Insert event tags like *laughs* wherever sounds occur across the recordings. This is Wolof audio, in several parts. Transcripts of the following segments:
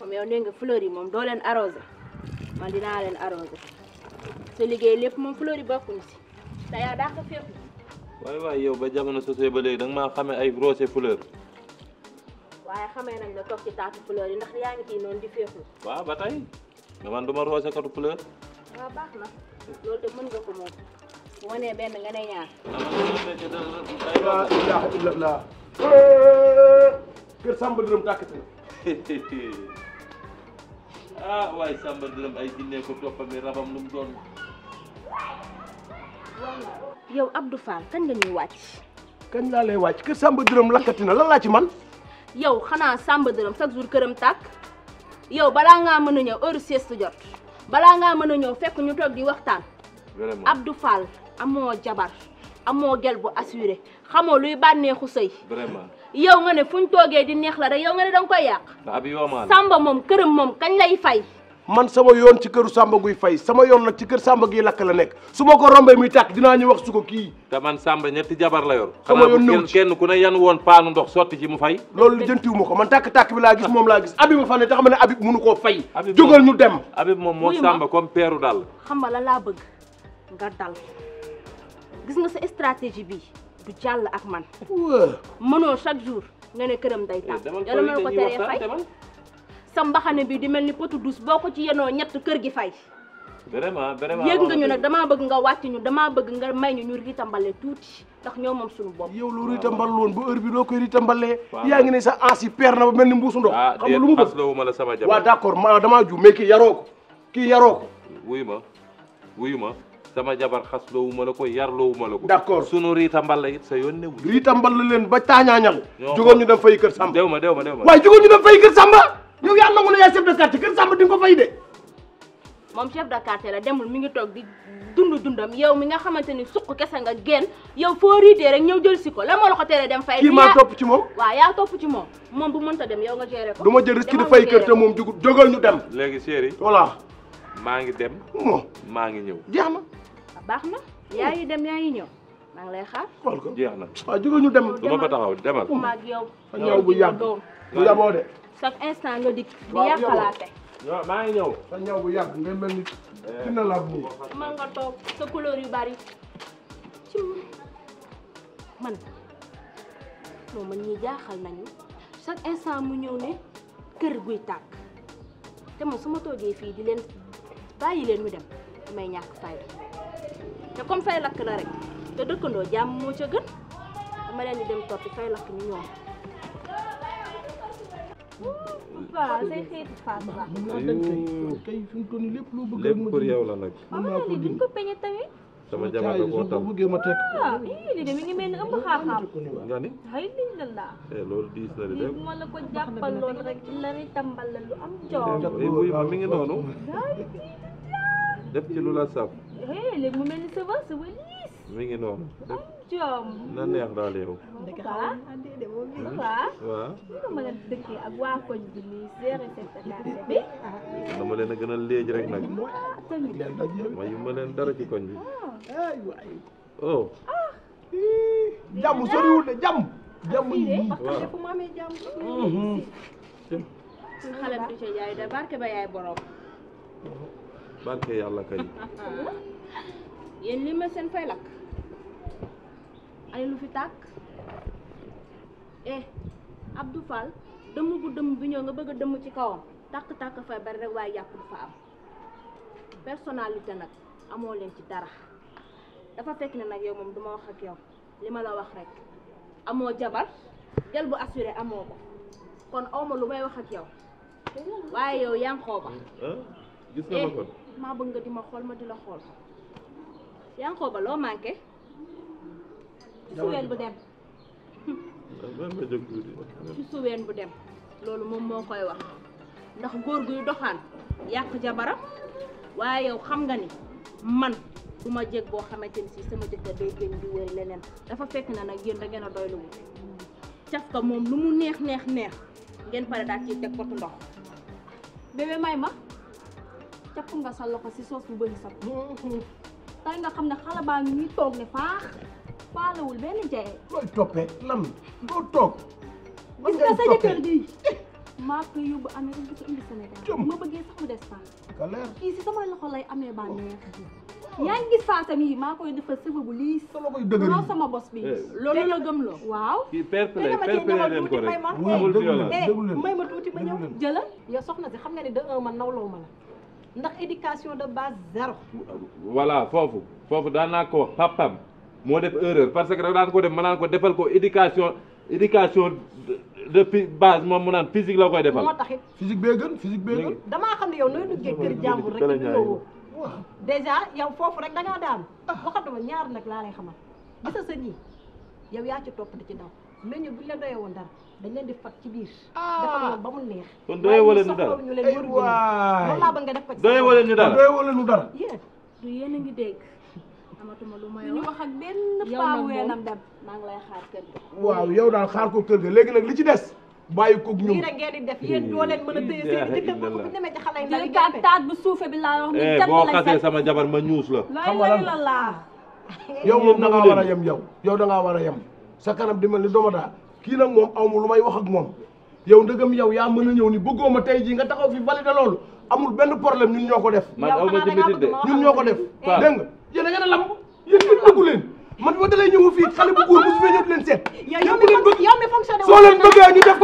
comme yow nee nga fleur yi moom dooleen leen arrosé man dinaa leen arrosé sa liggéey lépp moom fleur yi bokkuñu si te yaa daa ko fépp. waay waay yow ba jamono sosee ba léegi da nga maa xamee ay rosé fleur. waaye xamee nañ la toog ci taatu fleur yi ndax yaa ngi ciy noonu di féexlu. waaw ba tey mais man du ma rosé katu fleur. waaw baax na loolu de mën nga ko moom bu ma nee benn nga ne ñaar. Samba dërëm *laughs* ah waaye Samba Ndërëm ay jinne ko toppami rabam lu mu doon. yow Abdou Fall kañ la ñuy wàcc. kañ laa lay wàcc kër Samba Ndërëm lakkati na lan laa ci man yow xanaa Samba Ndërëm chaque jour këram tàkk yow balaa ngaa mën a ñëw heure sieste jot balaa ngaa mën a ñëw fekk ñu toog di waxtaan. vraiment Abdou Fall amoo jabar amoo gel bu assuré xamoo luy bànneexu sëy. yow nga ne fu ñu toogee di neex la rek yow nga ne danga koy yàq. abi yow Samba moom kër moom kañ lay fay. man sama yoon ci këru Samba guy fay sama yoon nag ci kër Samba giy lakk la nekk su ma ko rombee muy tàkk dinaa ñu wax su ko kii. te man Samba ñetti jabar la yor. sama yoon ñëw ci kenn ku ne yan woon paanu ndox sotti ci mu fay. loolu jëntiwu ma ko man tàkk-tàkk bi laa gis moom laa gis Habib fa ne te xam ne Habib mënu koo fay. jógal ñu dem. Habib moom moo Samba comme peeru dal. xam nga la laa bëgg nga dal gis nga bi du jàll ak man. mënoo chaque jour nga ne këram day tàkk. yàlla mën ko teree fay sa mbaxane bi di mel ni potu douce boo ko ci yenoo ñett kër gi fay. vraiment vraiment yëg nga ñu nag damaa bëgg nga wàcc ñu damaa bëgg nga may ñu ñu ritambale tuuti ndax ñoo moom suñu bopp. yow lu ritambal woon ba heure bi doo koy ritambalee. yaa ngi ne sa ans yi per na ba mel ni mbuusu ndox. Ah, xam nga lu mu bëgg d'accord ma damaa ju mais kii yaroo ko kii yaroo ko. wuyu ma ma sama jabar khas lo la ko yar lo la ko d'accord sunu rita mballa yit sa yoon newu riita mballa len ba tañañal jogon ñu dem fay keur samba dewma dewma dewma way jogon ñu dem fay keur samba yow yaa nangu ya chef de quartier keur samba di nga ko fay de mom chef de quartier la demul mi ngi tok di dundu dundam yow mi nga xamanteni ni kessa nga gen yow fo rité rek ñew jël si ko la mo la ko téré dem fay kii ma top ci mom wa ya top ci mom mom bu mënta dem yow nga géré ko duma jël risque di fay keur te mom jugut ñu dem légui chérie voilà maa ngi dem maa ngi ñew jeex baax na. yaa ngi dem yaa ngi ñëw maa ngi lay xaar. xool ko jeex na waaw jóge ñu dem. du ma taxaw demal maag yow. ñëw bu yàgg bu yaboo de. chaque instant nga dikk di yàqalaate. waaw maa ngi sa bu mel ni eh. dina la bu. man nga toog sa couleur yu bari ci man man ñi jaaxal nañu instant mu ne kër guy tàkk te di leen bàyyi leen ñu dem fayda. te comme fay lakk la rek te dëkkandoo jàmm moo ca gën dama leen di la nag. mën naa ko duñ ko peñe tamit. sama jabar da koo ni ëmb xaaxaam. nga ni. alhamdulilah. loolu diis la de. lii bu la ko jàppaloon rek la ni tambal la lu am coow. mi ngi noonu. def ci lu la léegi mu mel ni sa va liis. mi ngi noonu. na neex daal yow. dëgg la hmm? waaw. waaw mën a dëkkee ak waa koñ bi nii seere seen bi. dama leen a gën a léegi rek nag. Ah, mayu ma leen dara ci koñ bi. Ah. oh. Ah. jàmm soriwul de jàmm. jàmm yi de parce que fu mu hmm, hmm. du ca yaay de ba yaay borom. Oh. barke yàlla ya kay *laughs* yéen li sen fay lak ay lu fi tak eh Abdou Fall demu bu dem bi ñoo nga bëgg dem ci kawam tak tak fay bari rek way yàpp du fa am personnalité nak amo len ci dara dafa fekk ne nak yow mom duma wax ak yow lima la wax rek amo jabar jël bu assurer amo ko kon awma lu may wax ak yow waye yow yang xoba gis nga ma eh, ko Ma bëgg nga di ma ma di la xool yaa ngi xoo ba lo manké suwen bu dem. ci suween bu dem lolu mom mo koy wax ndax guy doxan yak jabaram waye yow xam nga ni man du ma bo boo ci ni sama jëkkër day gën di wër lenen dafa fekk na nak yeen da ngeen a doy lu wut lu mu neex neex neex ngeen pare da ci tek potu ndox bébé may ma capp nga sa loxo si soos bu bëri sax. Mm-hmm. tey nga xam ne xale baa ngi toog ne faax faalewul benn jaye. looy toppee lam doo toog. man ngay toppee gis nga sa jëkkër gi. Eh. maa koy yóbbu Amérique di ko indi Sénégal. ma bëggee sax mu des Sénégal. kii si sama loxo lay amee bànneex. Oh. yaa ngi gis yi maa koy defal sëfa bu liis. loolu sama bos bi. Eh. loolu la loo waaw. kii perpelé perpelé leen ko rek. may ma eh, tuuti ma ñëw jëlal. yow soxna si xam nga ni de un man nawloo ma la. ndax éducation de base zéro. voilà foofu foofu daan naa ko wax papam moo def erreur parce que daan ko def ma naan ko defal ko éducation éducation de base moom mu naan physique la koy defal. moo taxit physique bee gën physique bee gën. damaa xam ne yow nooy duggee kër jàmbur rek di ñëwoo. déjà yow foofu rek da ngaa daan ah. waxatuma ñaar nag laa lay xamal gis sa ñii yow yaa ci topp di ci daw. menu bu ñu la doyee woon dara dañ leen di fat ci biir. Ah. defal woon ba neex. du yéen ngi dégg. amatuma lu may wax ñu wax ak benn dem lay xaar kër ga. waaw yow daal xaar ko kër ga li ci des. bàyyi koog ñoom lii rek di def yéen doo leen mën a téye seen bu ko ci xale yi taat bu bi wax ni eh, sama jabar ma ñuus la xam nga lan yow moom da ngaa war a yow yow da sa kanam di mel ni daal kii nag moom aw lu may wax ak moom yow ndëgam yow yaa mën a ñëw ni bëggoo ma tey jii nga taxaw fi validé loolu amul benn problème ñun ñoo ko def. ma ci métier de ñun ñoo ko def. dégg nga yéen a ngeen a lamb yéen ngeen dëggu man ba dalay ñëw fii ko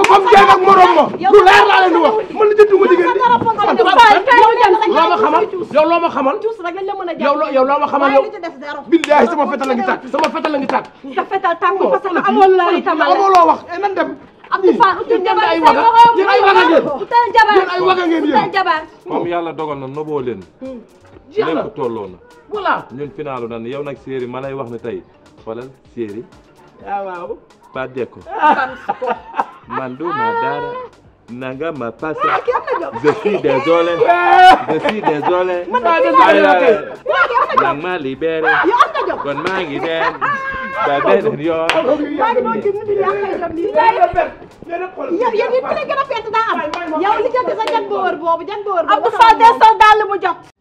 comme jéem ak morom ma lu leer laa leen di wax man la jëndu ma liggéey bi loo ma xamal yow loo ma xamal yow yow loo ma xamal yow billaahi sama fetal la ngi tàkk sama fetal ngi tàkk Abdou Fall utul jabar ay waga ngeen ay waga ngeen utal jabar ay waga ngeen utal jabar moom yàlla dogal na noboo leen hmm. lépp tolloo na voilà ñun finaalu nan yow nag séeri ma lay wax ne tey xoolal séeri waaw ah, waaw ba deko ah. man du ma dara nanga ma passé ah, je suis désolé *laughs* je suis désolé man maa libéré kon maa ngi dem *laughs* waaw day def a yow. maa ngi di yàqal itam lii. yow yéen it bu a fett daa am. yow li jot sa jan boor boobu jan boor boobu. Abdou Fall de sol mu jot.